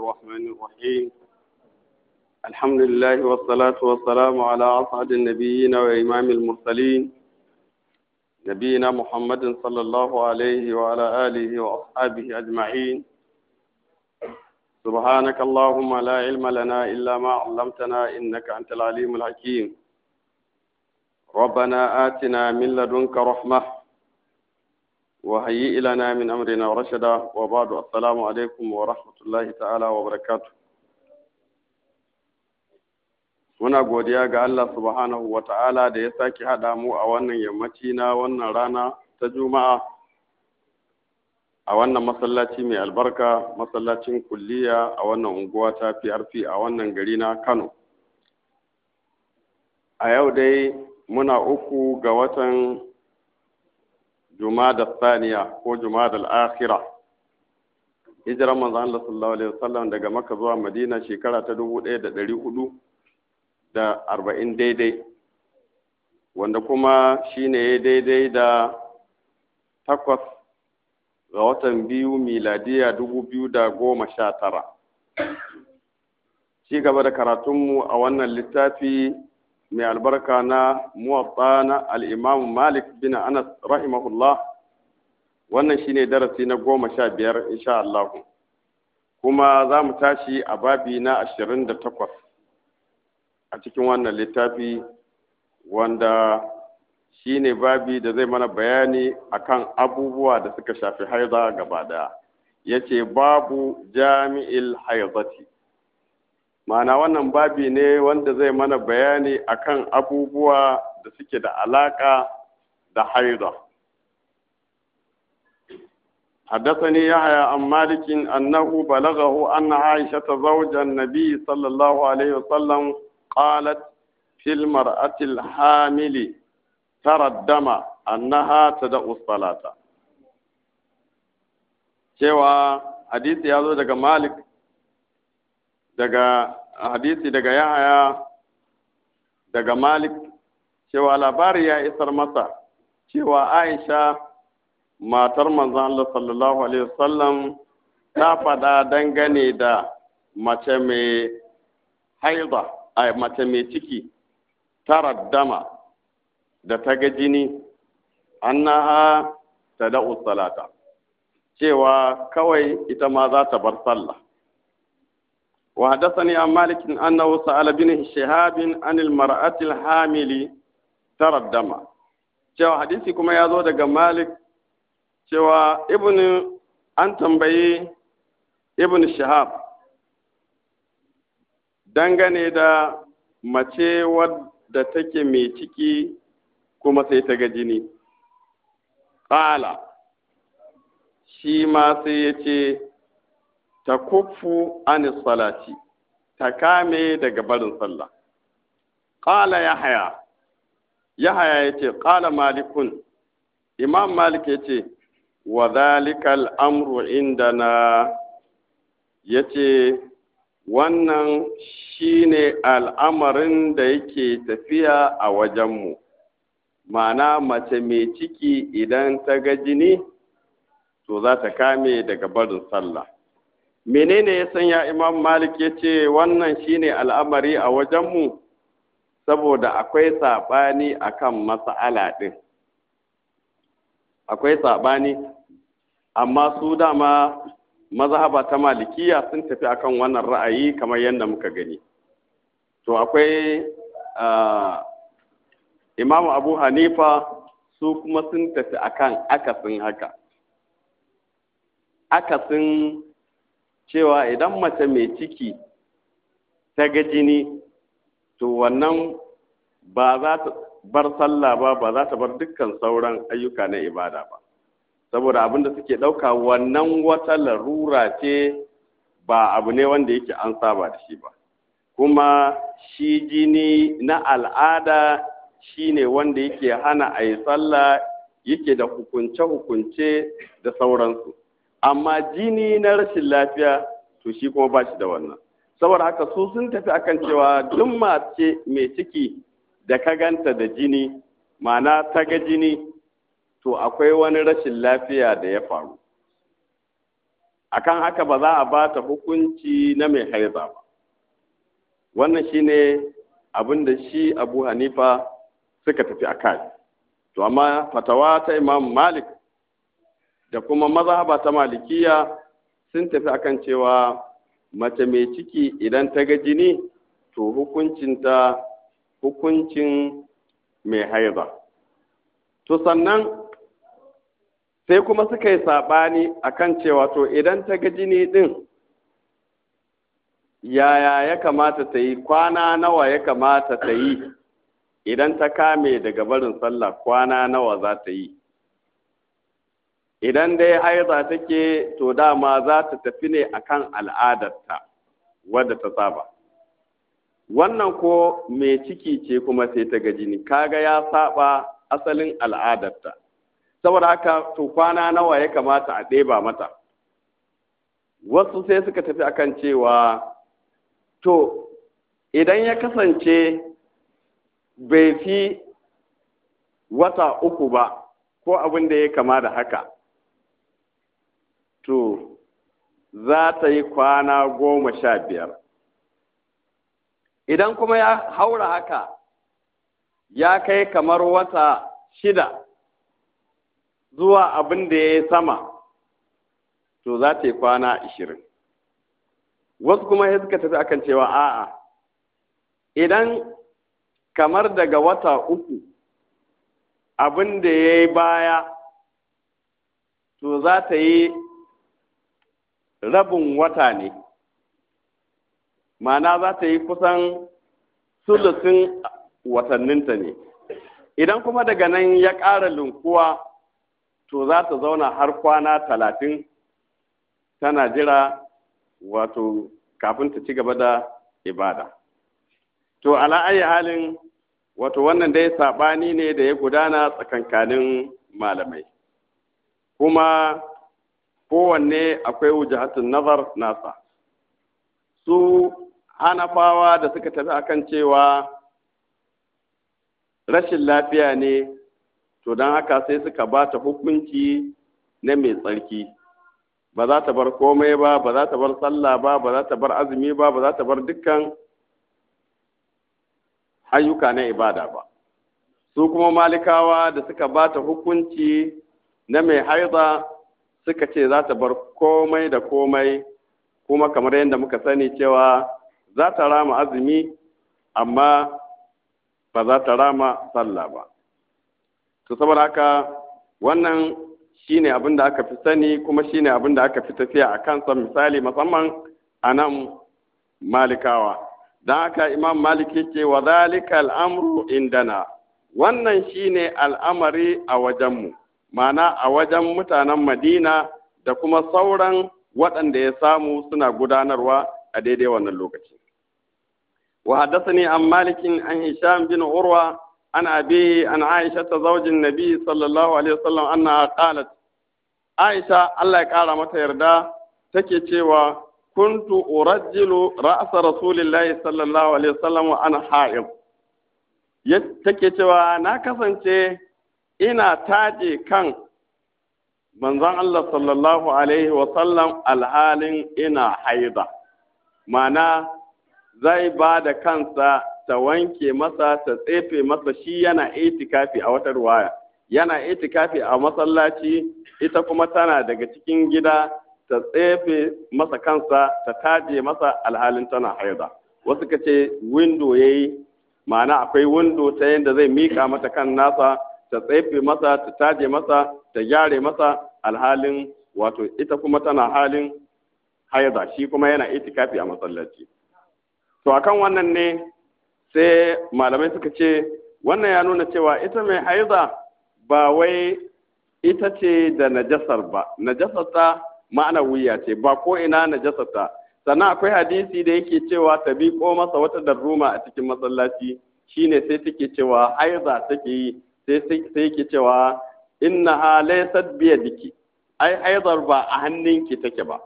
الرحمن الرحيم الحمد لله والصلاة والسلام على أسعد النبيين وإمام المرسلين نبينا محمد صلى الله عليه وعلى آله وأصحابه أجمعين سبحانك اللهم لا علم لنا إلا ما علمتنا إنك أنت العليم الحكيم ربنا آتنا من لدنك رحمة وهيئ لنا من أمرنا ورشدا وبعد السلام عليكم ورحمة الله تعالى وبركاته muna godiya ga Allah subhanahu wa ta'ala da ya sake haɗa mu a wannan yammaci na wannan rana ta juma'a a wannan masallaci mai albarka masallacin kulliya a wannan unguwa ta PRP a wannan gari na Kano a yau dai muna uku ga watan da saniya ko jumada al'akhira hijiran manzo Allah sallallahu alaihi wasallam daga Makka zuwa Madina shekara ta 1440 da da arba'in daidai wanda kuma shine ya daidai da takwas ga watan biyu miladiya tara. ci gaba da karatunmu a wannan littafi mai albarka na muwatsa na al'imam malik bin anas rahimahullah wannan shine darasi na goma sha biyar insha Allah kuma za mu tashi a babi na ashirin da takwas a cikin wannan littafi wanda shine babi da zai mana bayani a kan abubuwa da suka shafi haiza gaba daya ya ce babu jami'il haizati Ma'ana wannan babi ne wanda zai mana bayani akan abubuwa da suke da alaƙa da haizuwa. Haddasa yahya ya haya an malakin Anahu, Balagahu, Anna, Aisha, Tazawuja, Nabi, s.a.w. ta radama Annahata da Usalata. Cewa hadisi ya zo daga Malik. daga hadisi daga yahaya daga malik cewa labari ya isar masa cewa aisha matar manzan Allah sallallahu alaihi wasallam ta faɗa dangane da mace mai haida a mace mai ciki tara dama da ta ga jini annaha ta da'u salata cewa kawai ita ma za ta bar sallah وحدثني عن مالك أنه سأل بن شهاب عن المرأة الحامل ترى الدم cewa hadisi kuma ya zo daga malik cewa an tambayi ibn shahab dangane da mace wadda take mai ciki kuma sai ta ga jini ƙala shi ma sai ya ce ta kufu an salati ta kame daga barin sallah qala yahya yahya yace qala malikun imam malik yace wa dhalika amru indana yace wannan shine al'amarin da yake tafiya a wajenmu mana mace mai ciki idan ta ga jini to za ta kame daga barin sallah menene ya sanya imam malik ya ce wannan shine al'amari a wajenmu saboda akwai saɓani a kan matsala ɗin akwai saɓani amma su dama mazhaba ta malikiya sun tafi akan wannan ra'ayi kamar yadda muka gani to akwai Imam abu hanifa su kuma sun tafi akan akasin haka akasin cewa idan mace mai ciki ta ga jini to wannan ba za ta bar sallah ba ba za ta bar dukkan sauran ayyuka na ibada ba saboda abin da suke ɗauka wannan wata larura ce ba abu ne wanda yake an saba da shi ba kuma shi jini na al'ada shi ne wanda yake hana a yi sallah yake da hukunce-hukunce da sauransu amma jini na rashin lafiya to shi kuma ba shi da wannan saboda haka su sun tafi akan cewa duk mace mai ciki da ka ganta da jini ma'ana ta ga jini to akwai wani rashin lafiya da ya faru akan haka ba za a ba ta hukunci na mai haiza ba wannan shine abin da shi abu hanifa suka tafi a kai to amma fatawa ta imam malik da kuma mazhaba ta malikiya sun tafi akan cewa mace mai ciki idan ta ga jini to hukuncinta hukuncin mai haiza to sannan sai kuma suka yi saɓani a kan cewa to idan ta ga jini ɗin yaya ya kamata ta yi kwana nawa ya kamata ta yi idan ta kame daga barin sallah kwana nawa za ta yi idan dai haiza take to dama za ta tafi ne akan al'adarta wadda ta saba wannan ko mai ciki ce kuma sai ta ga jini kaga ya saba asalin al'adarta saboda haka to kwana nawa ya kamata a ɗeba mata wasu sai suka tafi akan cewa to idan ya kasance bai fi wata uku ba ko abin da ya kama da haka to za ta yi kwana goma sha biyar idan kuma ya haura haka ya kai kamar wata shida zuwa abin da ya yi sama to za ta yi kwana ashirin wasu kuma ya suka tafi akan cewa a'a idan kamar daga wata uku abin da ya yi baya to za ta yi rabin wata ne ma'ana za ta yi kusan sulusin watanninta ne idan kuma daga nan ya ƙara lunkuwa to za ta zauna har kwana talatin tana jira wato kafin ta ci gaba da ibada to ala halin wato wannan dai saɓani ne da ya gudana tsakankanin malamai kuma kowanne akwai wujahatun nazar nasa su hanafawa da suka tafi akan cewa rashin lafiya ne to don haka sai suka ba ta hukunci na mai tsarki ba za ta bar komai ba ba za ta bar sallah ba ba za ta bar azumi ba ba za ta bar dukkan ayyuka na ibada ba su kuma malikawa da suka ba ta hukunci na mai haida suka ce za ta bar komai da komai kuma kamar yadda muka sani cewa za ta rama azumi amma ba za ta rama sallah ba to saboda haka wannan shine abin da aka fi sani kuma shine abin da aka fi tafiya a kansa misali musamman a nan malikawa don haka imam maliki ce wa zalika al'amru indana wannan shine al'amari a wajenmu ma'ana a wajen mutanen madina da kuma sauran waɗanda ya samu suna gudanarwa a daidai wannan lokaci wa ne an malikin an yi hisham bin urwa an abi an aisha ta zaujin nabi sallallahu alaihi wasallam anna qalat aisha Allah ya kara mata yarda take cewa kuntu urajjilu ra'sa rasulillahi sallallahu alaihi wasallam an ha'ib take cewa na kasance ina taje kan manzon Allah sallallahu alaihi wasallam alhalin ina haida mana zai ba da kansa ta wanke masa ta tsefe masa shi yana itikafi a wata ruwaya yana itikafi a masallaci ita kuma tana daga cikin gida ta tsefe masa kansa ta taje masa alhalin tana haida wasu ka ce windo yayi mana akwai windo ta yadda zai mika mata kan nasa ta tsaife masa ta taje masa ta gyare masa alhalin wato ita kuma tana halin haiza shi kuma yana itikafi a masallaci to akan wannan ne sai malamai suka ce wannan ya nuna cewa ita mai haiza ba wai ita ce da najasar ba ta ma'ana wuya ce ba ko ina najasarta sannan akwai hadisi da yake cewa ta bi ko masa wata darruma a cikin masallaci shine sai take cewa haiza take yi sai sai yake cewa ha laysat bi yadiki ai haidar ba a hannunki take ba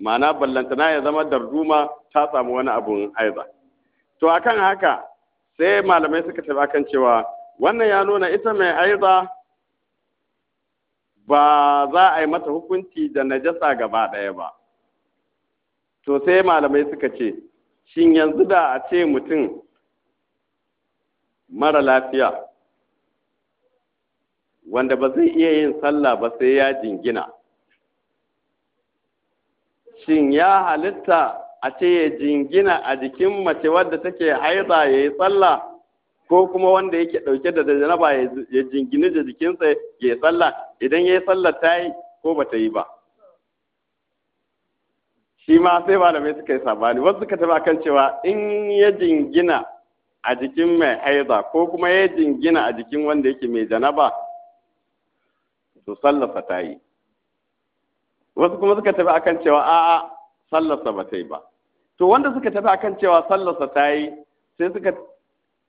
ma'ana ballantana ya zama darduma ta samu wani abun haiza to akan haka sai malamai suka tafi akan cewa wannan ya nuna ita mai haiza ba za a yi mata hukunci da najasa gaba ɗaya ba to sai malamai suka ce shin yanzu da a ce mutum mara lafiya wanda ba zai iya yin sallah ba sai ya jingina shin ya halitta a ce ya jingina a jikin mace wadda take haida ya yi sallah ko kuma wanda yake ɗauke da janaba ya jingini da jikinsa ya yi sallah idan ya yi sallah ta yi ko ba ta yi ba shi ma sai malamai suka yi sabani wasu suka taɓa kan cewa in ya jingina a jikin mai haida ko kuma ya jingina a jikin wanda yake mai janaba to sallarsa ta yi wasu kuma suka tafi akan cewa a'a sallarsa ba ta yi ba to wanda suka tafi akan cewa sallarsa ta yi sai suka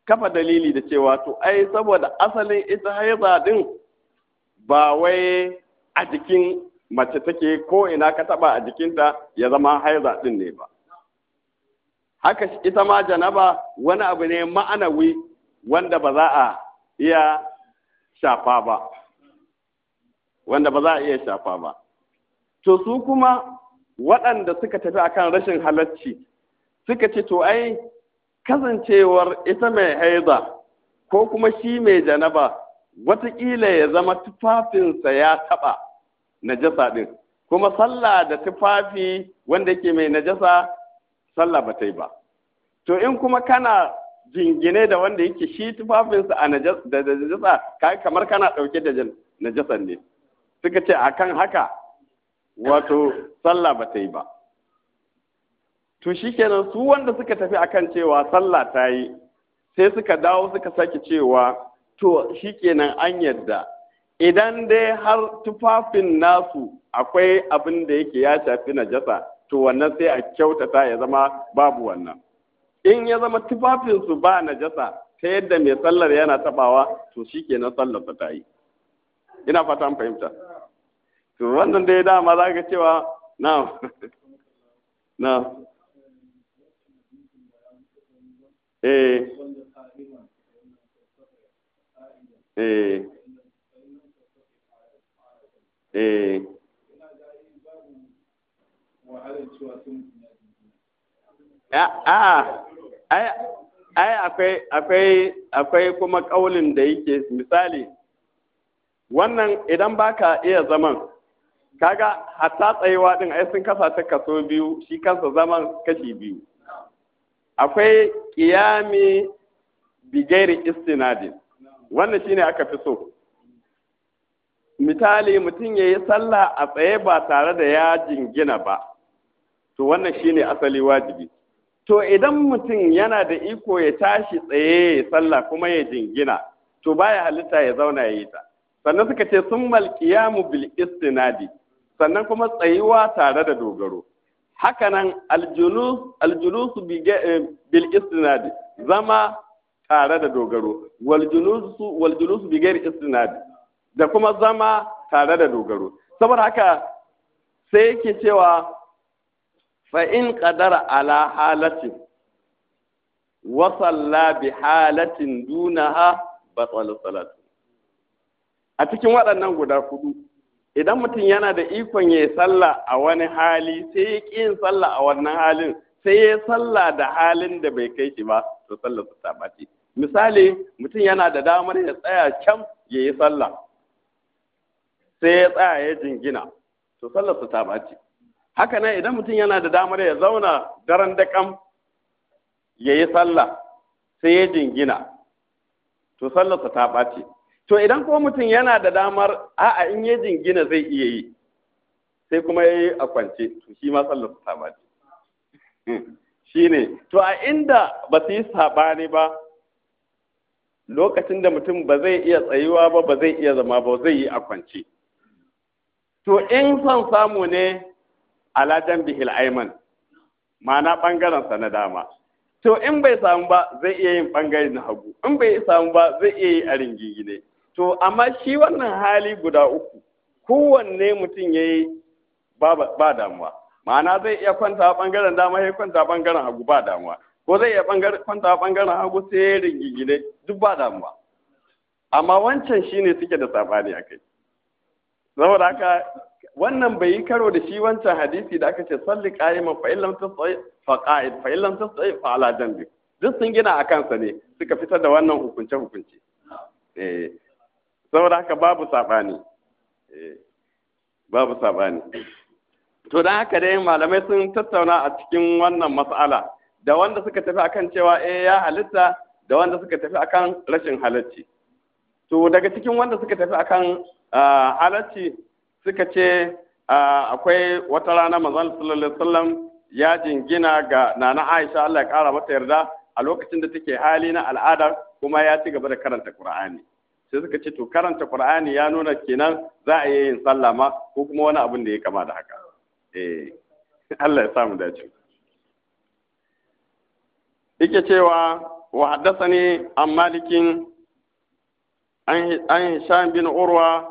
kafa dalili da cewa to ai saboda asalin ita haiza din ba wai a jikin mace take ko ina ka taba a jikinta ya zama haiza din ne ba haka ita ma janaba wani abu ne ma'anawi wanda ba za a iya shafa ba wanda ba za a iya shafa ba to su kuma waɗanda suka tafi akan rashin halarci suka ce to ai kasancewar ita mai haiza ko kuma shi mai janaba watakila ya zama tufafinsa ya taɓa najasa ɗin kuma sallah da tufafi wanda ke mai najasa sallah ba ta yi ba to in kuma kana jingine da wanda yake shi tufafinsa a najasa kamar kana ɗauke da najasa ne suka ce akan haka wato sallah ba ta yi ba to shikenan su wanda suka tafi akan cewa sallah ta yi sai suka dawo suka sake cewa to shikenan an yarda. idan dai har tufafin nasu akwai abin da yake ya shafi najasa to wannan sai a kyautata ya zama babu wannan in ya zama tufafinsu ba najasa ta yadda mai sallar yana tabawa to shikenan sallar ta yi ina fata an fahimta to wannan dai dama za ka cewa na na eh eh eh a'a ai akwai akwai akwai kuma kaulin da yake misali wannan idan baka iya zaman kaga hatta tsayuwa din ai sun kasa ta kaso biyu shi kansa zaman kashi biyu akwai qiyami bigairi istinadin wannan shine aka fi so misali mutum ya yi sallah a tsaye ba tare da ya jingina ba to wannan shine asali wajibi to idan mutum yana da iko ya tashi tsaye ya sallah kuma ya jingina to baya halitta ya zauna ya yi ta sannan suka ce sun malkiyamu bil istinadi sannan kuma tsayuwa tare da dogaro hakanan aljulus eh, bil istinadi zama tare da dogaro Waljulusu julus bi istinadi da kuma zama tare da dogaro saboda haka sai yake cewa fa in qadara ala halatin wa salla bi halatin dunaha batal salatu a cikin waɗannan guda hudu idan mutum yana da ikon ya sallah a wani hali sai ya ƙi yin sallah a wannan halin sai ya sallah da halin da bai kai shi ba to sallar su ta ɓaci misali mutum yana da damar ya tsaya can ya yi sallah sai ya tsaya ya jingina to sallar su ta ɓaci haka nan idan mutum yana da damar ya zauna daren da kam ya yi sallah sai ya jingina to sallar su ta ɓaci to idan ko mutum yana da damar a'a in yi jingina zai iya yi sai kuma ya yi a kwance to shi ma sallar su saba ce hmm, shi ne to a inda ba su yi saɓani ba lokacin da mutum ba zai iya tsayuwa ba ba zai iya zama ba zai yi a kwance to in son samu ne ala bihil aiman ma'ana ɓangaren sa na dama to in bai samu ba zai iya yin ɓangare na hagu in bai samu ba zai iya yi a ne. to amma shi wannan hali guda uku kowanne mutum ya yi ba damuwa ma'ana zai iya kwanta ɓangaren dama ya kwanta a ɓangaren hagu ba damuwa ko zai iya kwanta ɓangaren hagu sai ya rigingine duk ba damuwa amma wancan shi ne suke da sabani a kai saboda haka wannan bai yi karo da shi wancan hadisi da aka ce salli qa'iman ma illam ta fa qa'id fa ta tasai fa ala duk sun gina a kansa ne suka fitar da wannan hukunce hukunce eh saboda haka babu saɓani eh, babu saɓani to don haka dai malamai sun tattauna a cikin wannan mas'ala da wanda suka tafi akan cewa eh ya halitta da wanda suka tafi akan rashin halacci to daga cikin wanda suka tafi akan ah, halacci suka ce ah, akwai wata rana manzon sallallahu alaihi wasallam ya jingina ga nana Aisha Allah ya kara mata yarda a lokacin da take hali na al'ada kuma ya ci gaba da karanta Qur'ani sai suka ce to karanta qur'ani ya nuna kenan za a yi yin sallah ma ko kuma wani abin da ya kama da haka eh Allah ya samu dace yake cewa wa haddathani an malikin an hisham bin urwa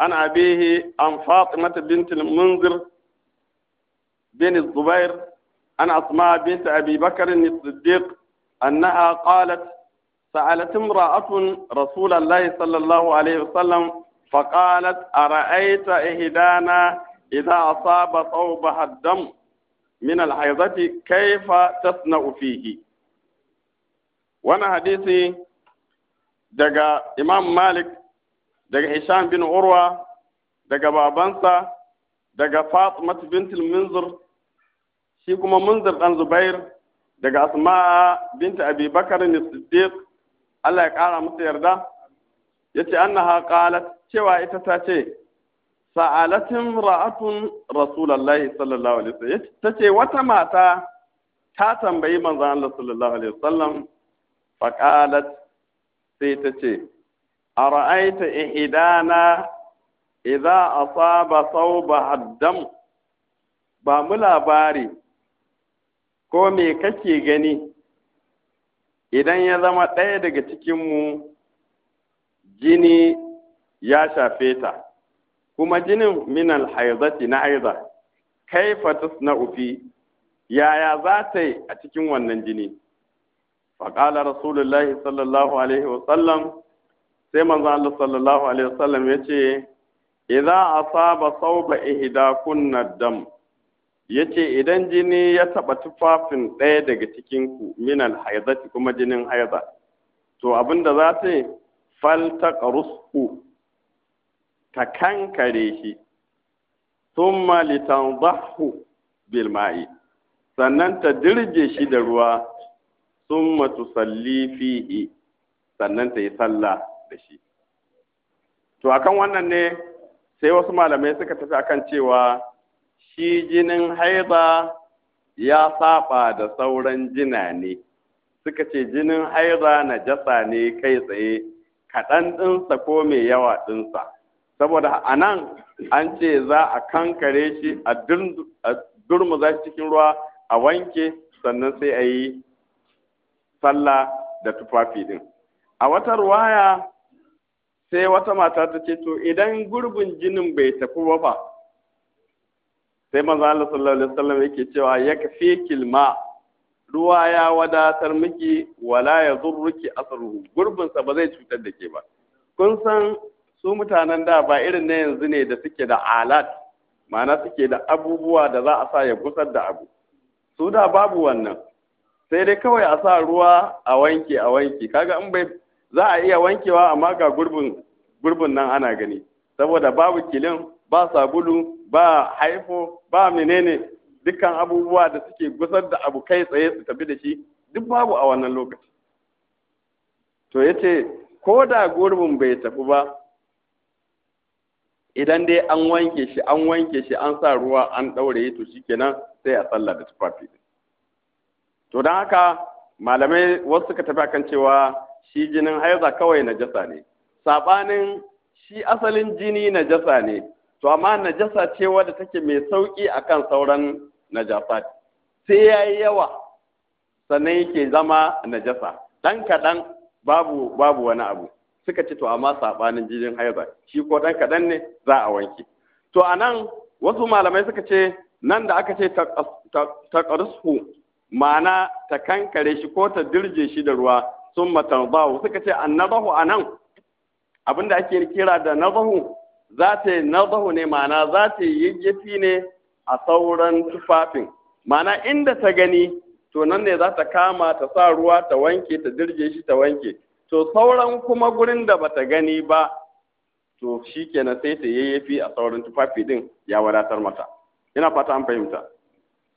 an abihi an fatimata bintul munzir bin zubair an asma bint abi bakr as qalat سألت امرأة رسول الله صلى الله عليه وسلم فقالت أرأيت إهدانا إذا أصاب صوبها الدم من الحيضة كيف تصنع فيه وانا حديثي دقى إمام مالك دقى هشام بن عروة دقى بابنسا دقى فاطمة بنت المنذر شيكما منذر بن زبير دقى أسماء بنت أبي بكر الصديق Allah ya ƙara musu yarda ya ce annaha qalat cewa ita ta ce sa'alatin ra'atun rasulallahi sallallahu alaihi wasallam ta ce wata mata ta tambayi manzon Allah sallallahu alaihi wasallam fa qalat sai ta ce ara'aita ihdana idza asaba thawba haddam ba mu labari ko me kake gani idan ya zama ɗaya daga cikinmu jini ya shafe ta kuma jinin minal haizati na aiza Kai fatus na ufi yaya za ta yi a cikin wannan jini faƙala rasulullahi sallallahu alaihi wasallam sai manzo Allah sallallahu alaihi wasallam ya ce idza asaba sauba ihdakunna dam Ya ce idan jini ya taɓa tufafin ɗaya daga cikin ku min kuma jinin haiza to abinda za ta yi faltaqrusku ta kankare shi sun malitan zahu bilma'i sannan ta dirje shi da ruwa thumma tusalli fihi sannan ta yi sallah da shi to akan wannan ne sai wasu malamai suka tafi akan cewa shi jinin haiza ya saba da sauran jina ne suka ce jinin haiza na jasa ne kai tsaye kaɗan ɗinsa ko mai yawa ɗinsa saboda a nan an ce za a kankare shi a durmuza cikin ruwa a wanke sannan sai a yi sallah da tufafi ɗin a wata ruwaya sai wata mata ta ce to idan gurbin jinin bai tafi ba sai maza Allah sallallahu alaihi wasallam yake cewa fi kilma!" ruwa ya wadatar miki wala ya zurruki asruhu sa ba zai cutar da ke ba kun san su mutanen da ba irin na yanzu ne da suke da alat ma'ana suke da abubuwa da za a sa ya gusar da abu su da babu wannan sai dai kawai a sa ruwa a wanke a wanke kaga in bai za a iya wankewa amma ga gurbin gurbin nan ana gani saboda babu kilin ba sabulu ba haifo ba menene dukkan abubuwa da suke gusar da abu kai tsaye su tafi da shi duk babu a wannan lokaci to yace ko da gurbin bai tafi ba idan dai an wanke shi an wanke shi an sa ruwa an ɗaure to shikenan sai a sallah da tufafi to don haka malamai wasu suka tafi akan cewa shi jinin haiza kawai najasa ne saɓanin shi asalin jini najasa ne to amma najasa ce wadda take mai sauki akan sauran najasa sai yayi yawa sannan yake zama najasa dan kadan babu babu wani abu suka ce to amma sabanin jinin haiza shi ko dan kadan ne za a wanke to anan wasu malamai suka ce nan da aka ce taqarsu ma'ana ta kankare shi ko ta dirje shi da ruwa sun matarbahu suka ce annabahu anan abinda ake kira da nazahu za ta yi nazahu ne ma'ana za ta yi yayyafi ne a sauran tufafin ma'ana inda ta gani to nan ne za ta kama ta sa ruwa ta wanke ta dirje shi ta wanke to sauran kuma gurin da ba ta gani ba to shi kenan sai ta yayyafi a sauran tufafi din ya wadatar mata ina fata an fahimta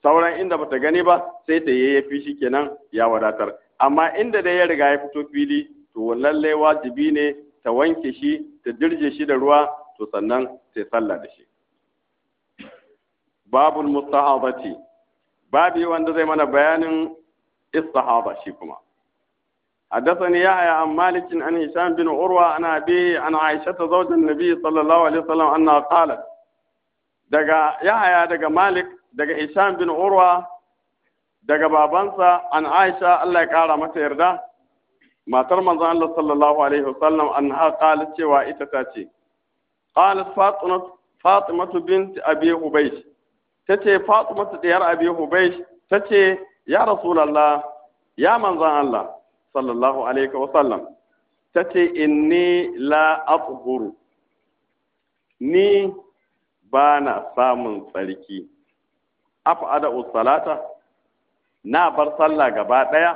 sauran inda bata gani ba sai ta yayyafi shi kenan ya wadatar amma inda dai ya riga ya fito fili to lallai wajibi ne ta wanke shi ta dirje shi da ruwa to sannan sai sallah da shi babul mustahadati babi wanda zai mana bayanin istihada shi kuma حدثني يحيى عن مالك عن هشام بن عروة عن أبيه عن عائشة زوج النبي صلى الله عليه وسلم أنها قالت دقا يحيى دقا مالك دقا هشام بن عروة دقا بابنسا عن عائشة الله يقارى متى يرده ما ترمز الله صلى الله عليه وسلم أنها قالت شوى إتتاتي qalat fatima fatima bint abi hubaysh tace fatima diyar abi hubaysh tace ya rasulullah ya manzan Allah sallallahu alaihi wa sallam tace inni la athuru ni ba na samun tsarki afada salata na bar sallah gaba daya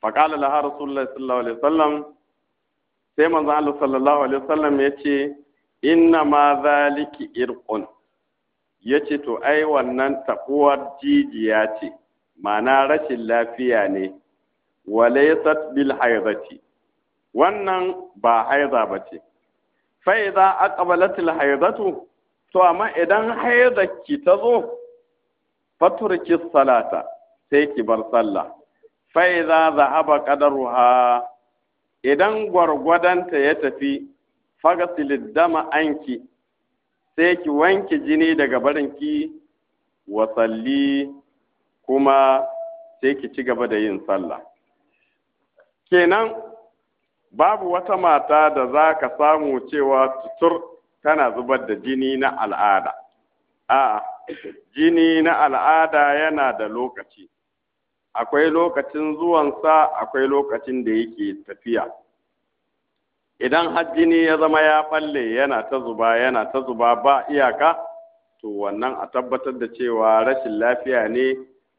faqala laha rasulullahi sallallahu alaihi wa sallam sai manzo Allah sallallahu alaihi wasallam ya ce inna ma zaliki irqun ya ce to ai wannan tabuwar jijiya ce ma'ana rashin lafiya ne walaysat bil haidati wannan ba haiza ba ce fa idza aqbalat al haidatu to amma idan haidaki ta zo faturki salata sai ki bar sallah fa idza zahaba qadaruha idan gwargwadonta ya tafi fagasilin dama anki sai ki wanke jini daga barinki wasalli kuma sai ki ci gaba da yin sallah kenan babu wata mata da za ka samu cewa tutur tana zubar da jini na al'ada a jini na al'ada yana da lokaci akwai lokacin zuwansa akwai lokacin da yake tafiya idan hajjini ya zama ya falle yana ta zuba yana ta zuba ba iyaka to wannan a tabbatar da cewa rashin lafiya ne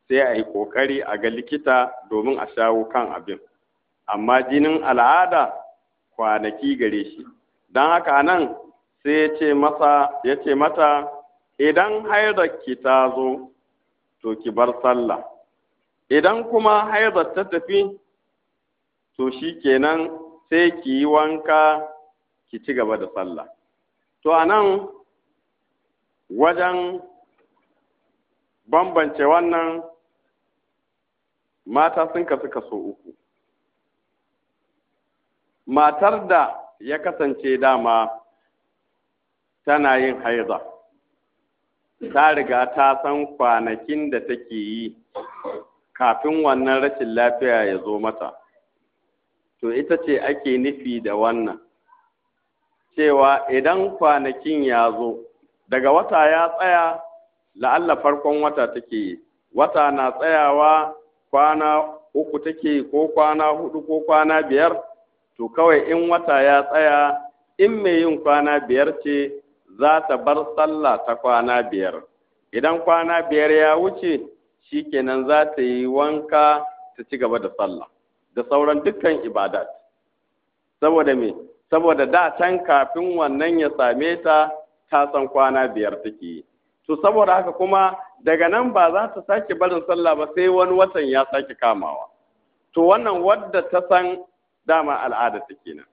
sai a yi ƙoƙari a ga likita domin a shawo kan abin amma jinin al'ada kwanaki gare shi don haka nan sai ya ce mata idan haidar ki ta zo to ki bar sallah idan kuma haizar ta tafi to shi kenan sai ki yi wanka ki ci gaba da sallah to a nan wajen bambance wannan mata sun kasu kaso uku matar da ya kasance dama tana yin haiza ta riga ta san kwanakin da take yi kafin wannan rashin lafiya ya zo mata to ita ce ake nufi da wannan cewa idan kwanakin ya zo daga wata ya tsaya la'alla farkon wata take yi wata na tsayawa kwana uku take ko kwana hudu ko kwana biyar to kawai in wata ya tsaya in mai yin kwana biyar ce za ta bar sallah ta kwana biyar idan kwana biyar ya wuce shikenan za ta yi wanka ta ci gaba da sallah da sauran dukkan ibada, saboda me saboda da can kafin wannan ya same ta ta san kwana biyar take to saboda haka kuma daga nan ba za ta sake barin sallah ba sai wani watan ya sake kamawa to wannan wadda ta san dama al'ada ta kenan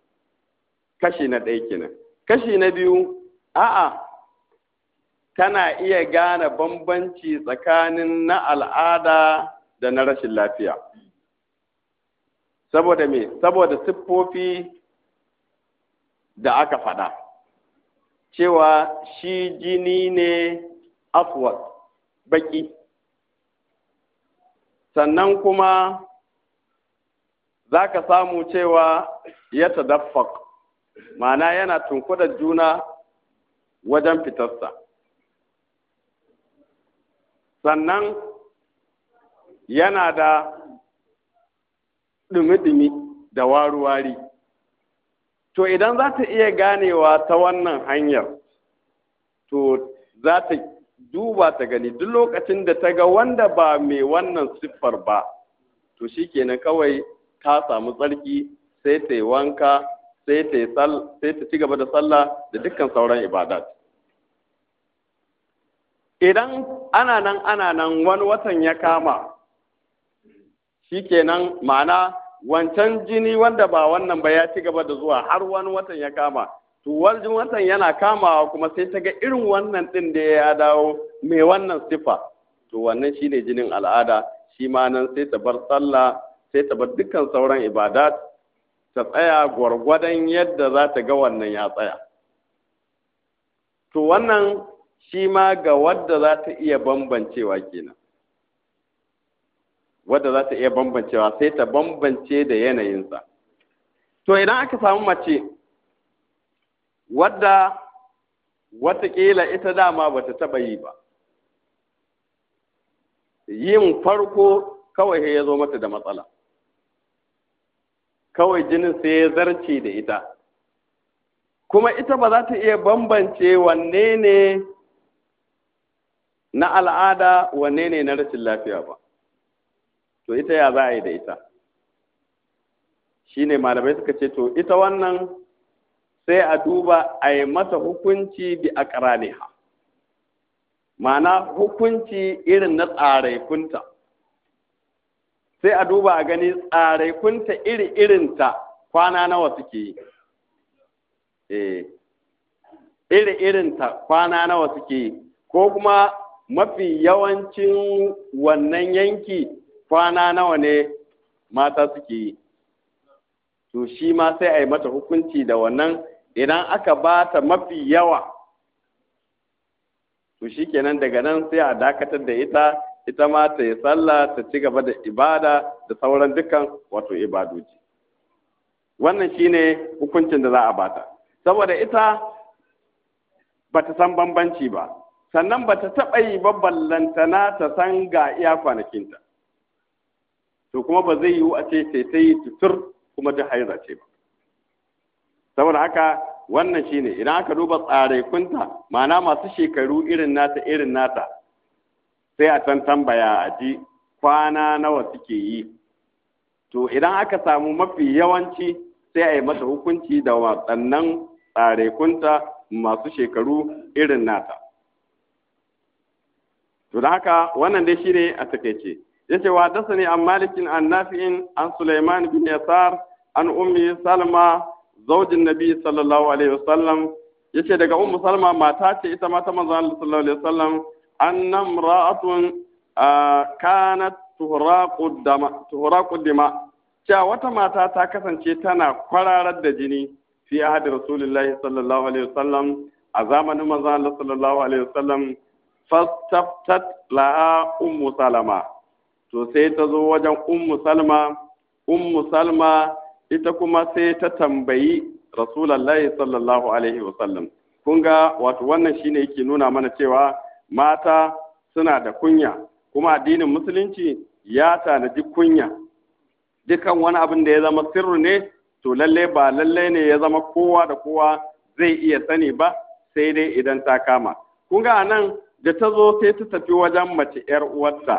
kashi na ɗaya kenan kashi na biyu a'a Tana iya gane bambanci tsakanin na al'ada da na rashin lafiya saboda me saboda siffofi da aka faɗa cewa shi jini ne aswad baki sannan kuma za ka samu cewa ya tadaffaq ma'ana yana tunkuɗa juna wajen fitarsa sannan yana da ɗumi-ɗumi da waruwari to idan za ta iya ganewa ta wannan hanyar to za ta duba ta gani duk lokacin da ta ga wanda ba mai wannan siffar ba to shi kenan kawai ta samu tsarki sai ta yi wanka sai ta ci gaba da sallah da dukkan sauran ibadat idan ana nan ana nan wani watan ya kama shikenan ma'ana wancan jini wanda ba wannan ba ya ci gaba da zuwa har wani watan ya kama to wani watan yana kamawa kuma sai ta ga irin wannan din da ya dawo mai wannan sifa to wannan shine jinin al'ada shi ma nan sai ta bar sallah sai ta bar dukkan sauran ibada, ta tsaya gwargwadon yadda za ta ga wannan ya tsaya to wannan shi ma ga wadda za ta iya bambancewa kenan wadda za ta iya bambancewa sai ta bambance da yanayinsa to idan aka samu mace wadda watakila ita dama ba ta taba yi ba yin farko kawai ya zo mata da matsala kawai jinin sai ya zarce da ita kuma ita ba za ta iya bambance wanne ne na al'ada wanne ne na rashin lafiya ba to ita ya za a yi da ita shine malamai suka ce to ita wannan sai a duba a yi mata hukunci bi aqraniha ma'ana hukunci irin na tsaraikunta sai a duba a gani tsaraikunta iri irinta kwana nawa suke yi eh iri irinta kwana nawa suke yi ko kuma mafi yawancin wannan yanki kwana nawa ne mata suke yi to shi ma sai a yi mata hukunci da wannan idan aka ba ta mafi yawa to shi kenan daga nan sai a dakatar da ita ita ma ta yi sallah ta ci gaba da ibada da sauran dukkan wato ibadoji wannan shi ne hukuncin da za a bata saboda ita ba ta san bambanci ba sannan ba ta taɓa yi ba ballantana ta san ga iya kwanakinta to kuma ba zai yiwu a ce sai ta yi tutur kuma ta haiza ce ba saboda haka wannan shi ne. idan aka duba tsarekunta ma'ana masu shekaru irin nata irin nata sai a can tambaya a ji kwana nawa suke yi to idan aka samu mafi yawanci sai a yi mata hukunci da watsannan tsarekunta masu shekaru irin nata to da haka wannan dai shine a takeice yace wa dasani an malikin an nafi'in an sulaiman bin yasar an ummi salma zaujin nabi sallallahu alaihi wasallam yace daga ummu salma mata ce ita ma ta manzon Allah sallallahu alaihi wasallam annam ra'atun kanat tuhraqu dama tuhraqu dama cewa wata mata ta kasance tana kwararar da jini fi ahadi rasulullahi sallallahu alaihi wasallam a zamanin manzon Allah sallallahu alaihi wasallam fastaftat la'a, ummu salama to sai ta zo wajen ummu salama. ummu salama. ita kuma sai ta tambayi rasulallahi sallallahu alaihi wasallam kun ga wato wannan shine yake nuna mana cewa mata suna da kunya kuma addinin musulunci ya tanadi kunya dukan wani abin da ya zama sirri ne to lalle ba lalle ne ya zama kowa da kowa zai iya sani ba sai dai idan ta kama kun ga nan da ta zo sai ta tafi wajen mace ‘yar uwarta,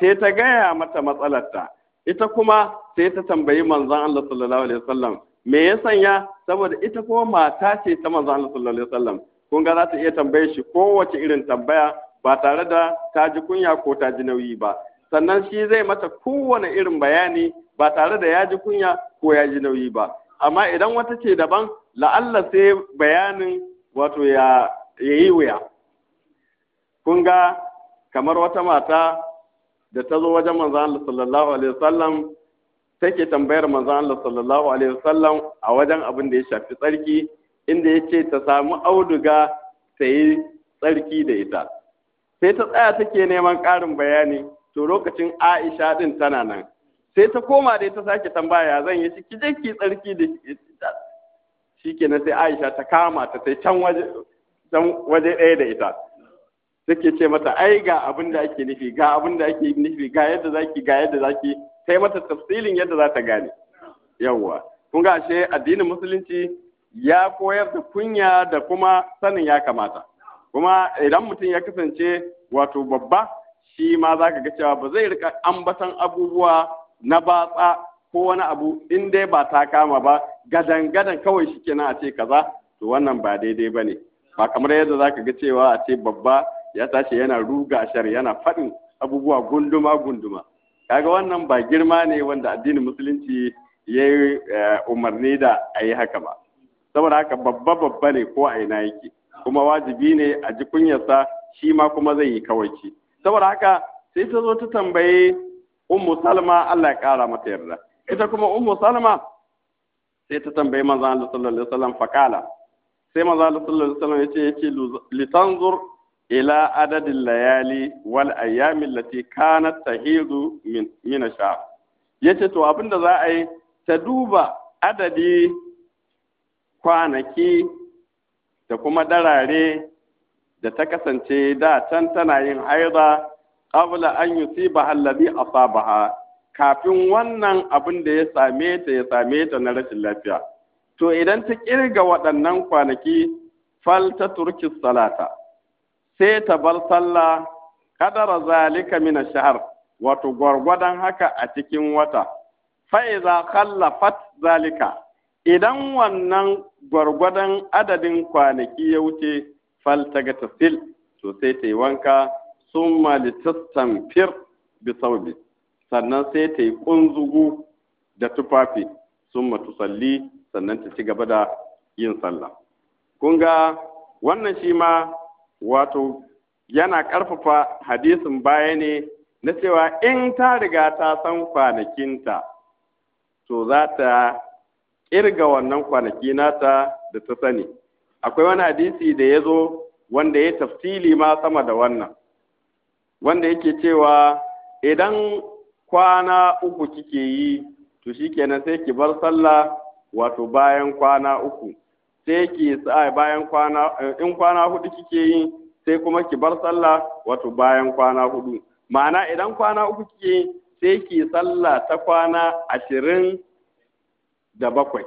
sai ta gaya mata matsalarta, ita kuma sai ta tambayi manzan Allah sallallahu alaihi wasallam me ya sanya saboda ita kuma mata ce ta manzan Allah sallallahu alaihi wasallam kun ga za ta iya tambaye shi kowace irin tambaya ba tare da ta ji kunya ko ta ji nauyi ba sannan shi zai mata kowane irin bayani ba tare da ya ji kunya ko ya ji nauyi ba amma idan wata ce daban la'alla sai bayanin wato ya yi wuya kun ga kamar wata mata da ta zo wajen manzo Allah sallallahu alaihi wasallam take tambayar manzo Allah sallallahu alaihi wasallam a wajen abin da ya shafi tsarki inda yace ta samu auduga ta yi tsarki da ita sai ta tsaya take neman ƙarin bayani to lokacin Aisha din tana nan sai ta koma dai ta sake tambaya zan yi shi kije ki tsarki da ita shikenan sai Aisha ta kama ta sai can waje can waje ɗaya da ita take ce mata ai ga abin da ake nufi ga abin da ake nufi ga yadda zaki ga yadda zaki sai mata tafsilin yadda za ta gane yawwa kun ga ashe addinin musulunci ya koyar da kunya da kuma sanin ya kamata kuma idan mutum ya kasance wato babba shi ma za ka ga cewa ba zai rika ambatan abubuwa na batsa ko wani abu in dai ba ta kama ba gadan gadan kawai shi kenan a ce kaza to wannan ba daidai ba ne ba kamar yadda za ka ga cewa a ce babba ya tashi yana ruga shar yana faɗin abubuwa gunduma gunduma kaga wannan ba girma ne wanda addinin musulunci ya yi eh, umarni da a yi haka ba saboda haka babba babba ne ko a ina yake kuma wajibi ne a ji kunyarsa shi ma kuma zai yi kawaici saboda haka sai ta zo ta tambaye ummu salma Allah ya kara mata yarda ita kuma ummu salma sai ta tambaye manzo Allah sallallahu alaihi wasallam fakala sai manzo Allah sallallahu alaihi wasallam yace yace litanzur ila adadin layali wal ayyamin lati kanat tahidu min sha yace to abinda za a yi ta duba adadi kwanaki da kuma darare da ta kasance da can tana yin haida qabla an yusiba alladhi asabaha kafin wannan abin da ya same ta ya same ta na rashin lafiya to idan ta kirga waɗannan kwanaki fal ta turki salata sai ta bar sallah kadara zalika min ash wato gwargwadon haka a cikin wata fa iza khallafat zalika idan wannan gwargwadon adadin kwanaki ya wuce fal taga tasil to sai ta yi wanka summa litastanfir bi saubi sannan sai ta yi kunzugu da tufafi summa tusalli sannan ta ci gaba da yin sallah kun ga wannan shi ma wato yana ƙarfafa hadisin baya ne na cewa in ta riga ta san kwanakinta to za ta ƙirga wannan kwanaki nata da ta sani akwai wani hadisi da ya zo wanda ya tafsili ma sama da wannan wanda yake cewa idan kwana uku kike yi to shi kenan sai ki bar sallah wato bayan kwana uku sai ki sa bayan kwana eh, in kwana hudu kike yi sai kuma ki bar sallah wato bayan kwana hudu ma'ana idan kwana uku kike yi sai ki sallah ta kwana ashirin da bakwai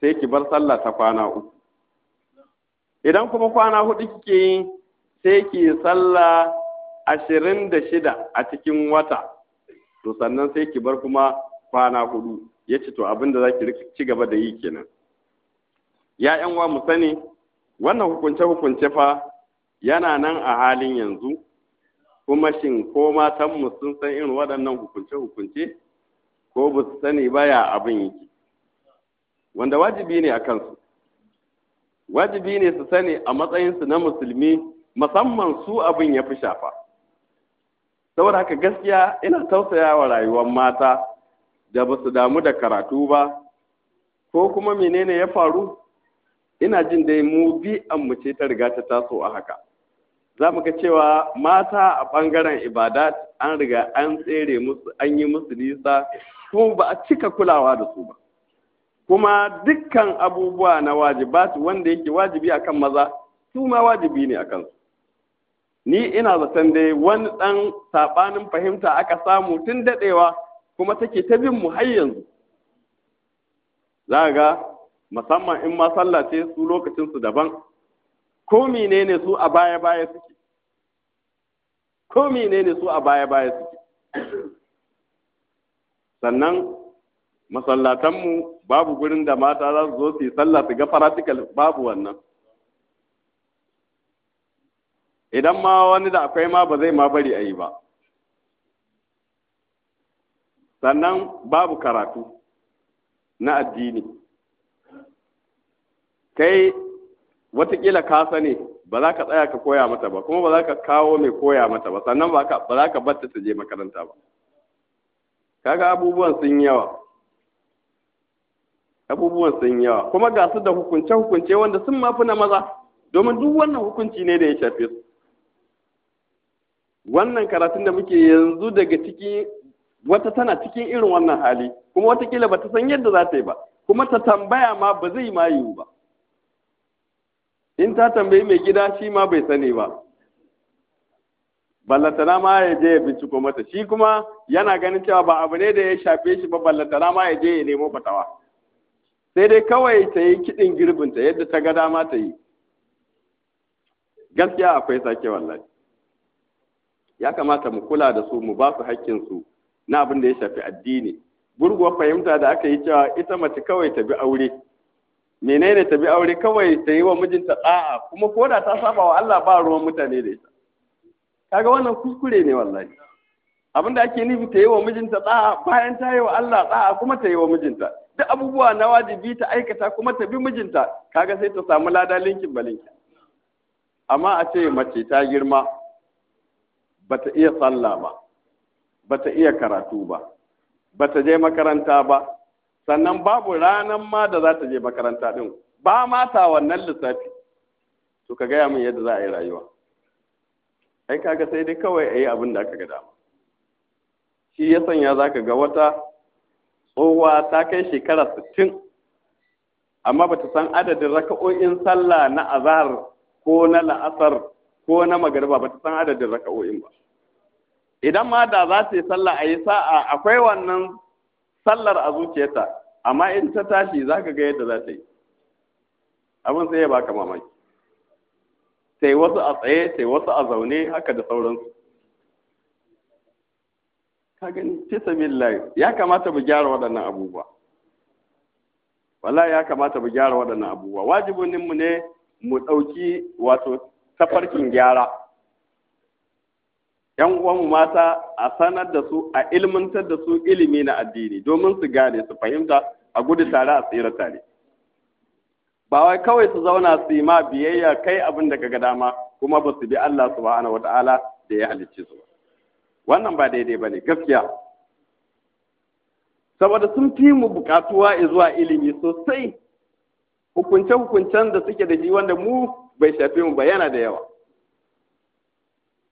sai ki bar sallah ta kwana uku idan kuma kwana hudu kike yi sai ki sallah ashirin da shida a cikin wata to sannan sai ki bar kuma kwana hudu ya ce to abin da za ki ci gaba da yi kenan ya ‘yan wa mu sani wannan hukunce-hukunce fa yana nan a halin yanzu kuma shin ko matanmu sun san irin waɗannan hukunce-hukunce ko ba su sani ba ya abin yake wanda wajibi ne a kansu wajibi ne su sani a matsayinsu na musulmi musamman su abin ya fi shafa saboda haka gaskiya ina tausaya wa rayuwar mata da ba su damu da karatu ba ko kuma menene ya faru ina jin dai mu bi mu ce ta riga ta taso a haka za mu ga cewa mata a bangaren ibada an riga an tsere musu an yi musu nisa ko ba a cika kulawa da su ba kuma dukkan abubuwa na wajibat wanda yake wajibi akan maza su ma wajibi ne akan su ni ina zaton dai wani ɗan saɓanin fahimta aka samu tun daɗewa kuma take ta bin mu har yanzu za ga musamman in ma sallah ce su lokacin su daban ko menene su a baya baya suke ko menene su a baya baya suke sannan masallatanmu babu gurin da mata za su zo su yi sallah su ga practical babu wannan idan ma wani da akwai ma ba zai ma bari a yi ba sannan babu karatu na addini kai watakila ka sani ba za ka tsaya ka koya mata ba kuma ba za ka kawo mai koya mata ba sannan ba za ka batta ta je makaranta ba kaga abubuwan sun yawa abubuwan sun yawa kuma ga su da hukunce hukunce wanda sun mafi na maza domin duk wannan hukunci ne da ya shafe su wannan karatun da muke yanzu daga ciki wata tana cikin irin wannan hali kuma watakila ba ta san yadda za ta yi ba kuma ta tambaya ma ba zai ma yiwu ba in ta tambayi mai gida shi ma bai sani ba ballatana ma ya je ya binciko mata shi kuma yana ganin cewa ba abu ne da ya shafe shi ba ballatana ma ya je ya nemo fatawa sai dai kawai ta yi kiɗin girbinta yadda ta ga dama ta yi gaskiya akwai sake wallahi ya kamata mu kula da su mu ba su haƙƙinsu na abin da ya shafi addini gurguwar fahimta da aka yi cewa ita mace kawai ta bi aure menene ta bi aure kawai ta yi wa mijinta da'a kuma ko da ta saba wa Allah ba ruwan mutane da ita kaga wannan kuskure ne wallahi abin da ake nufi ta yi wa mijinta da'a bayan ta yi wa Allah da'a kuma ta yi wa mijinta duk abubuwa na wajibi ta aikata kuma ta bi mijinta kaga sai ta samu lada linkin linkin. amma a ce mace ta girma bata iya sallah ba bata iya karatu ba bata je makaranta ba sannan babu ranan ma da za ta je makaranta ɗin ba ma ta wannan lissafi to ka gaya min yadda za a yi rayuwa ai kaga sai dai kawai a yi abin da aka ga dama shi ya sanya za ka ga wata tsohuwa ta kai shekara sittin amma ba ta san adadin raka'o'in sallah na Azar, ko na la'asar ko na magariba ba ta san adadin raka'o'in ba idan ma da za ta yi sallah a yi sa'a akwai wannan sallar a zuciyarta amma in ta tashi za ka ga yadda za ta yi abin sai ya baka mamaki sai wasu a tsaye sai wasu a zaune haka da sauransu ka gani fisabilillahi ya kamata mu gyara waɗannan abubuwa wala ya kamata mu gyara waɗannan abubuwa wajibininmu ne mu ɗauki wato tafarkin gyara yan uwanmu mata a sanar da su a ilmantar da su ilimi na addini domin su gane su fahimta a gudu tare a tsira tare ba wai kawai su zauna su yi ma biyayya kai abin da ga dama kuma ba su bi Allah subhanahu wataala da ya halicce su wannan ba daidai bane gaskiya saboda sun fi mu bukatuwa zuwa ilimi sosai hukunce-hukuncen da suke da shi wanda mu bai shafe mu ba yana da yawa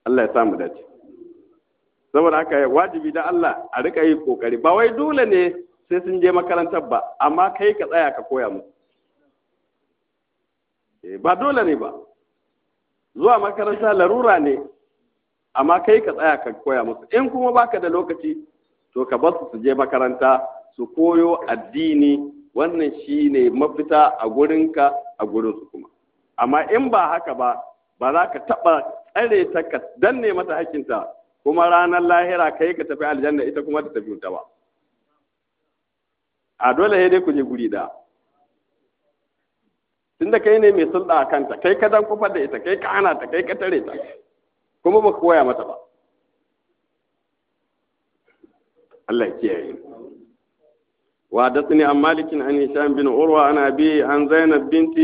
Allah ya samu dace saboda haka wajibi da Allah a rika yi kokari ba wai dole ne sai sun je makarantar ba amma kai ka tsaya ka koya musu eh, ba dole ne ba zuwa makaranta larura ne amma kai ka tsaya ka koya musu in kuma baka da lokaci to ka bar su je makaranta su koyo addini wannan shine mafita a gurinka a gurinsu kuma amma in ba haka ba ba za ka taɓa tsare ta ka danne mata hakinta kuma ranar lahira kai ka tafi aljanna ita kuma ta tafi ta ba a dole dai ku je guri da tunda kai ne mai sulda a kanta kai ka dan kufar da ita kai ka ana ta kai ka tare ta kuma ba koya mata ba Allah ya kiyaye وحدثني عن مالك عن هشام بن عروة عن أبي عن زينب بنت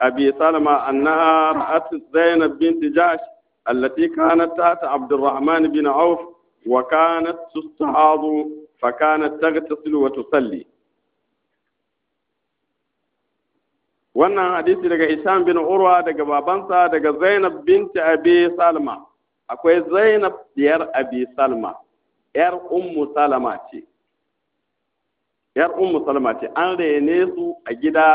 أبي سلمة أنها رأت زينب بنت جاش التي كانت تحت عبد الرحمن بن عوف وكانت تستعاض فكانت تغتسل وتصلي wannan hadisi daga Isham bin Urwa daga babansa daga Zainab binti Abi Salma akwai Zainab diyar Abi Salma yar Ummu Salama ce an rene su a gida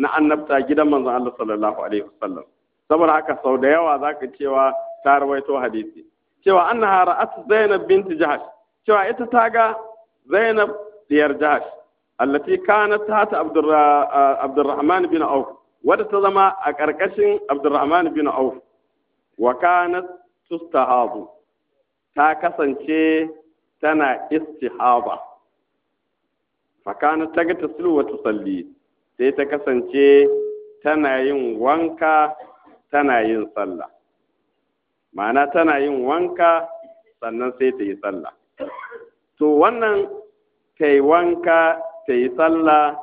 na annabta gidan manzon Allah sallallahu alaihi wasallam saboda haka sau da yawa za ka cewa ta rawaito hadisi cewa hara ra'at Zainab binti Jahash cewa ita ta ga Zainab diyar Jahash allati kanat ta Abdurrahman bin Auf wadda ta zama a ƙarƙashin Abdurrahman bin Auf wa kanat tustahabu ta kasance tana istihaba fa ta tagtasilu wa tusalli sai ta kasance tana yin wanka tana yin sallah ma'ana tana yin wanka sannan sai ta yi sallah to wannan ta yi wanka ta yi sallah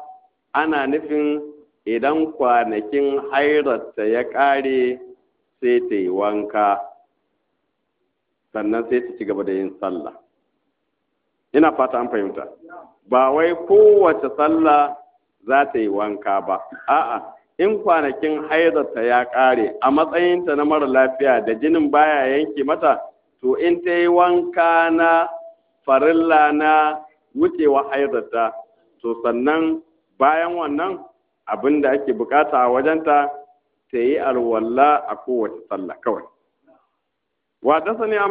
ana nufin idan kwanakin hairarta ya ƙare sai ta yi wanka sannan sai ta ci gaba da yin sallah ina fata an fahimta ba wai kowace sallah za ta yi wanka ba a'a in kwanakin haidarta ya ƙare a matsayinta na mara lafiya da jinin baya yanke mata to in ta yi wanka na farilla na wucewa haidarta to sannan bayan wannan abin da ake bukata a wajenta ta yi alwala a kowace sallah kawai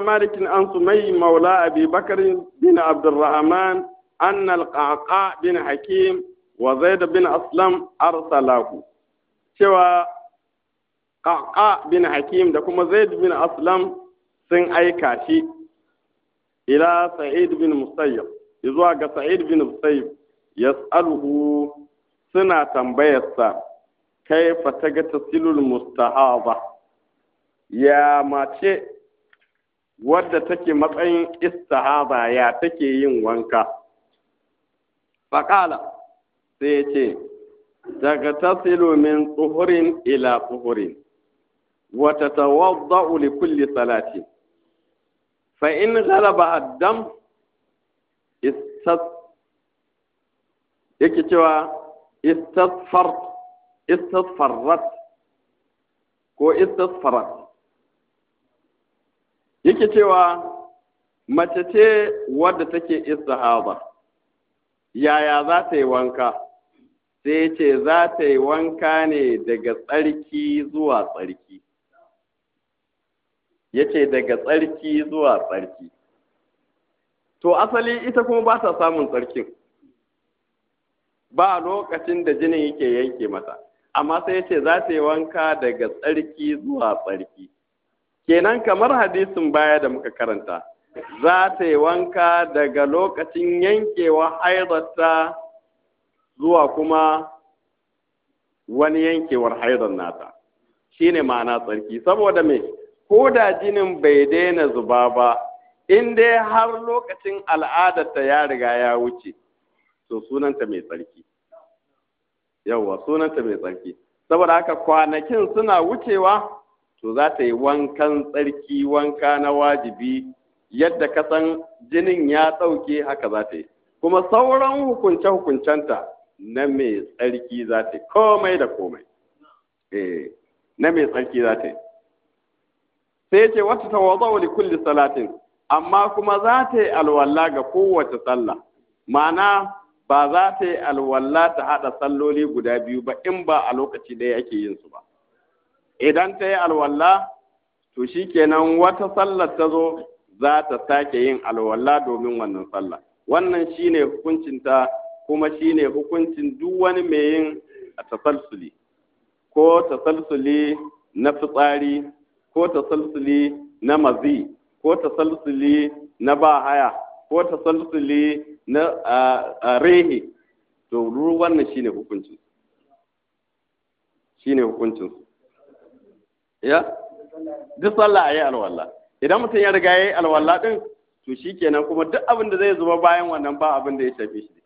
malikin an su mai Maula, abi bakar bin abdurrahman an alƙaƙa bin hakim wa حكيم وزيد Aslam أسلم أرسله cewa ƙaƙa bin hakim da kuma zaid bin aslam sun aika shi ila sa'id bin musayyab zuwa ga sa'id bin ya yas'aluhu suna tambayarsa kai ta ga tasilul mustahaba ya mace wadda take matsayin istahaba ya take yin wanka faƙala sai ya ce daga tasilomin tsuhurin ila tsuhurin, wata tawadda kulli salati fa in galaba addam yake cewa istatfarat ko istatfarat yake cewa mace ce wadda take istahaba yaya za ta yi wanka sai ce za ta yi wanka ne daga tsarki zuwa tsarki ya ce daga tsarki zuwa tsarki to asali ita kuma ba ta samun tsarkin ba lokacin da jinin yake yanke mata amma sai ya ce za ta yi wanka daga tsarki zuwa tsarki kenan kamar hadisin baya da muka karanta za ta yi wanka daga lokacin yankewa haidarta zuwa kuma wani yankewar haidar nata shi ne ma'ana tsarki saboda me ko da jinin bai daina zuba ba in dai har lokacin al'adarta ya riga ya wuce to sunanta mai tsarki yawwa sunanta mai tsarki saboda haka kwanakin suna wucewa to za ta yi wankan tsarki wanka na wajibi yadda ka san jinin ya ɗauke haka za ta yi kuma sauran hukunce-hukuncenta na mai tsarki za ta yi, komai da komai eh, na mai tsarki za ta yi sai ce wata tawadau wani kulli salatin amma kuma za ta yi alwala ga kowace sallah ma'ana ba za ta yi alwala ta haɗa salloli guda biyu ba in ba a lokaci ɗaya yake yin su ba idan ta yi alwala to shi kenan wata sallar ta zo za ta sake yin alwala domin wannan sallah wannan shi shine hukuncinta kuma shi ne hukuncin duk wani mai yin tasalsuli ko tasalsuli na fitsari ko tasalsuli na mazi ko tasalsuli na haya ko tasalsuli na rehe to wannan ne hukuncin shi ne hukuncin ya duk sallah yi alwallah idan mutum ya riga ya yi alwallah din to shi kenan kuma duk abin da zai zuba bayan wannan ba abin da ya shafi shi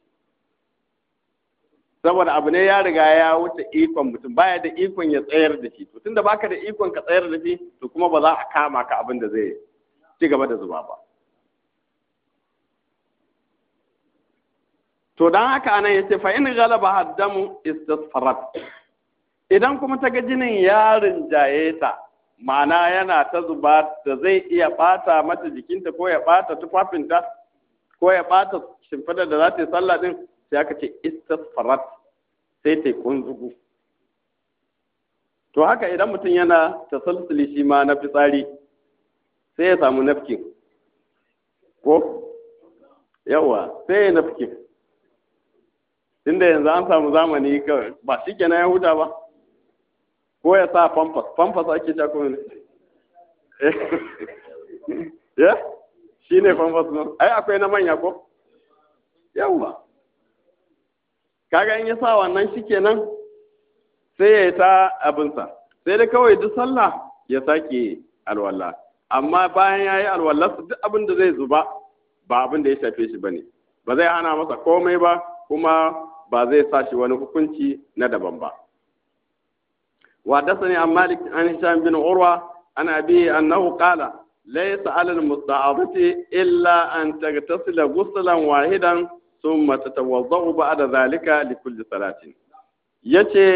saboda abu ne ya riga ya wuce ikon mutum baya da ikon ya tsayar da shi to tunda baka da ikon ka tsayar da shi to kuma ba za a kama ka abin da zai ci gaba da zuba ba to dan haka anan yace fa in ghalaba haddamu istasfarat idan kuma ta ga jinin yarin jayeta ta ma'ana yana ta zuba da zai iya bata mata jikinta ko ya bata tufafinta ko ya bata shimfidar da za ta yi sallah din sai aka ce istasfarat sai ta kunzugu to haka idan mutum yana tasalsuli shi ma na fitsari sai ya samu nafkin ko yawa sai ya nafkin tunda yanzu an samu zamani ba shi kenan ya huta ba ko ya sa famfas famfas ake cewa ko ne ya shi ne famfas nan ai akwai na manya ko yawa kaga in ya sa wannan shikenan sai ya yi ta abinsa sai da kawai duk sallah ya sake alwala amma bayan ya yi su duk abin da zai zuba ba abin da ya shafe shi ba ne ba zai hana masa komai ba kuma ba zai sa shi wani hukunci na daban ba wa dasani an malik an hisham bin urwa an abi annahu qala laysa alal musta'abati illa an tagtasila ghuslan wahidan summa tatawaddahu ba'da zalika li kulli salatin yace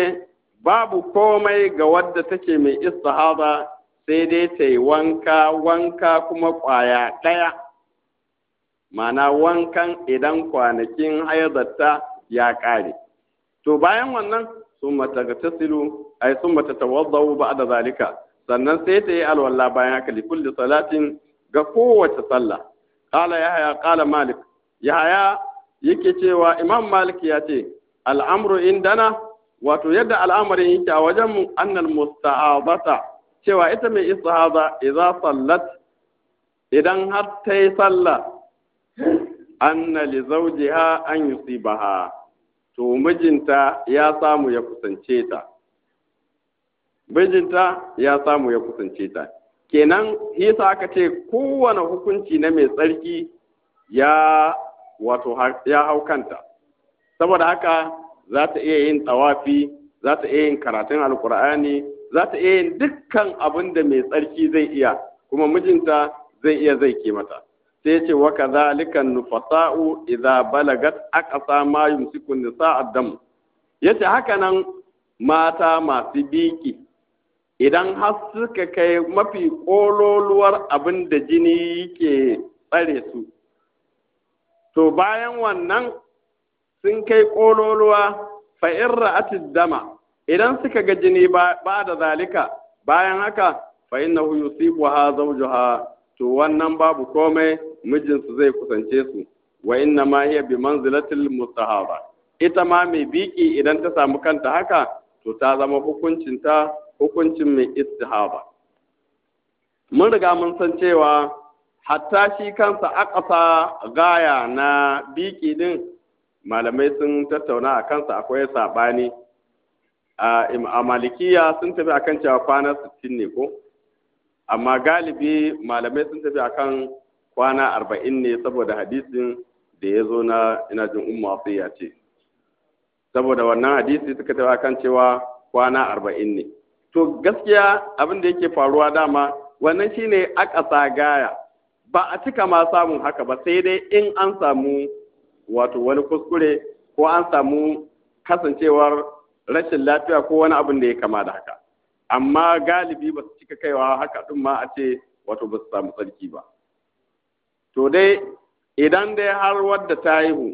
babu komai ga wadda take mai istihada sai dai tai wanka wanka kuma kwaya daya ma'ana wankan idan kwanakin haizarta ya kare. to bayan wannan sun mata ay ai sun ba'da ba da zalika sannan sai ta yi alwala bayan haka li kulli salatin ga kowace sallah qala yahya qala malik yahya yake cewa imam maliki ya ce al'amru indana wato yadda al'amarin yake a wajen mu annal musta'abata cewa ita mai isa haza idza sallat idan har ta yi sallah anna li zawjiha an yusibaha to mijinta ya samu ya kusance ta mijinta ya samu ya kusance ta kenan hisa aka ce kowane hukunci na mai tsarki ya wato ya hau kanta saboda haka za ta iya yin tsawafi za ta iya yin karatun alkur'ani za ta iya yin dukkan abin da mai tsarki zai iya kuma mijinta zai iya zai ke mata sai ya ce wa kadhalika nufasa'u idza balagat aqsa ma yumsiku damu? dam yace haka nan mata masu biki idan har suka kai mafi ƙololuwar abin da jini ke tsare su to bayan wannan sun kai ƙololuwa fa in dama idan suka ga jini ba da zalika bayan haka fa innahu ha zawjuha to wannan babu komai mijinsu zai kusance su wa inna ma hiya bi manzilatil mustahaba ita ma mai biki idan ta samu kanta haka to ta zama hukuncinta hukuncin mai istihaba mun riga mun san cewa hatta shi kansa akasa gaya na biki din malamai sun tattauna a kansa akwai saɓani a malikiya sun tafi akan cewa kwana 60 ne ko amma galibi malamai sun tafi akan kwana 40 ne saboda hadisin da ya zo na ina jin umma ya ce saboda wannan hadisi suka tafi akan cewa kwana 40 ne to gaskiya abin da yake faruwa dama wannan shine akasa gaya ba a cika ma samun haka ba sai dai in an samu wato wani kuskure ko an samu kasancewar rashin lafiya ko wani abin da ya kama da haka amma galibi ba su cika kaiwa haka ɗin ma a ce wato ba su samu tsarki ba to dai idan dai har wadda ta haihu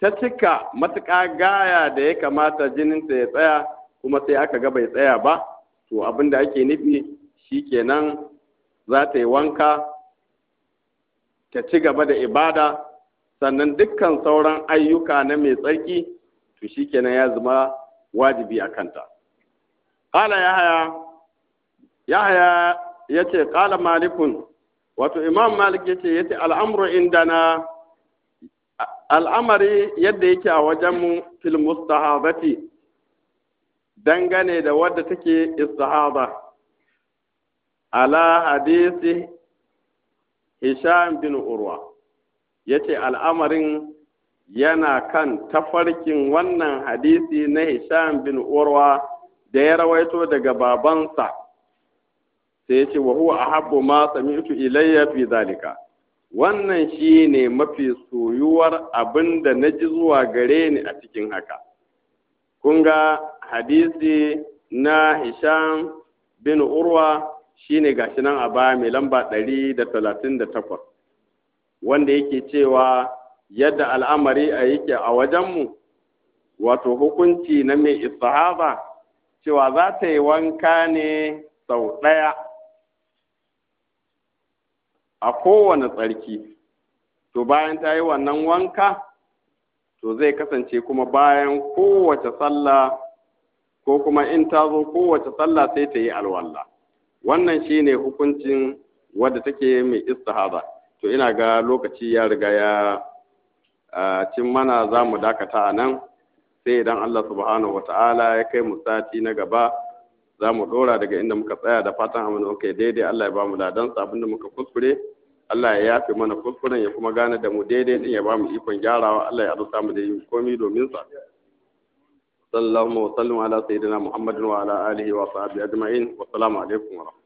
ta cika matuƙa gaya da ya kamata jininta ya tsaya kuma sai aka ga bai tsaya ba to abin da ake nufi shi kenan za ta yi wanka ka ci gaba da ibada sannan dukkan sauran ayyuka na mai tsarki to shikenan ya zama wajibi a kanta ƙala yahaya yahaya ya ce ƙala malikun wato imam malik ya ce ya ce al'amuru indana al'amari yadda yake a wajenmu fil mustahabati dangane da wadda take istihaba ala hadisi hisham bin urwa ya ce al'amarin yana kan tafarkin wannan hadisi na hisham bin urwa da ya rawaito daga babansa sai ya ce wa huwa ahabbu ma sami'tu ilayya fi zalika wannan shi ne mafi soyuwar abinda da na ji zuwa gare ni a cikin haka kun ga hadisi na hisham bin urwa shine gashi nan a baya mai lamba ɗari da talatin da takwas wanda yake cewa yadda al'amari a yake a wajenmu wato hukunci na mai istihaba cewa za ta yi wanka ne sau ɗaya a kowane tsarki to bayan ta yi wannan wanka to zai kasance kuma bayan kowace sallah ko kuma in ta zo kowace sallah sai ta yi alwallah wannan shi ne hukuncin wadda take mai haza to ina ga lokaci ya riga ya cin mana za mu dakata a nan sai idan Allah subhanahu wa ta'ala ya kai mu sati na gaba za mu dora daga inda muka tsaya da fatan amana kai daidai Allah ya ba mu ladansa abinda muka kuskure Allah ya yafe mana kuskuren ya kuma gane da mu daidai din ya ba mu ikon gyarawa Allah ya arzuta mu da yin komi domin sa sallallahu wa sallam ala sayyidina muhammadin wa ala alihi wa sahbihi ajma'in wa assalamu alaikum wa rahmatullahi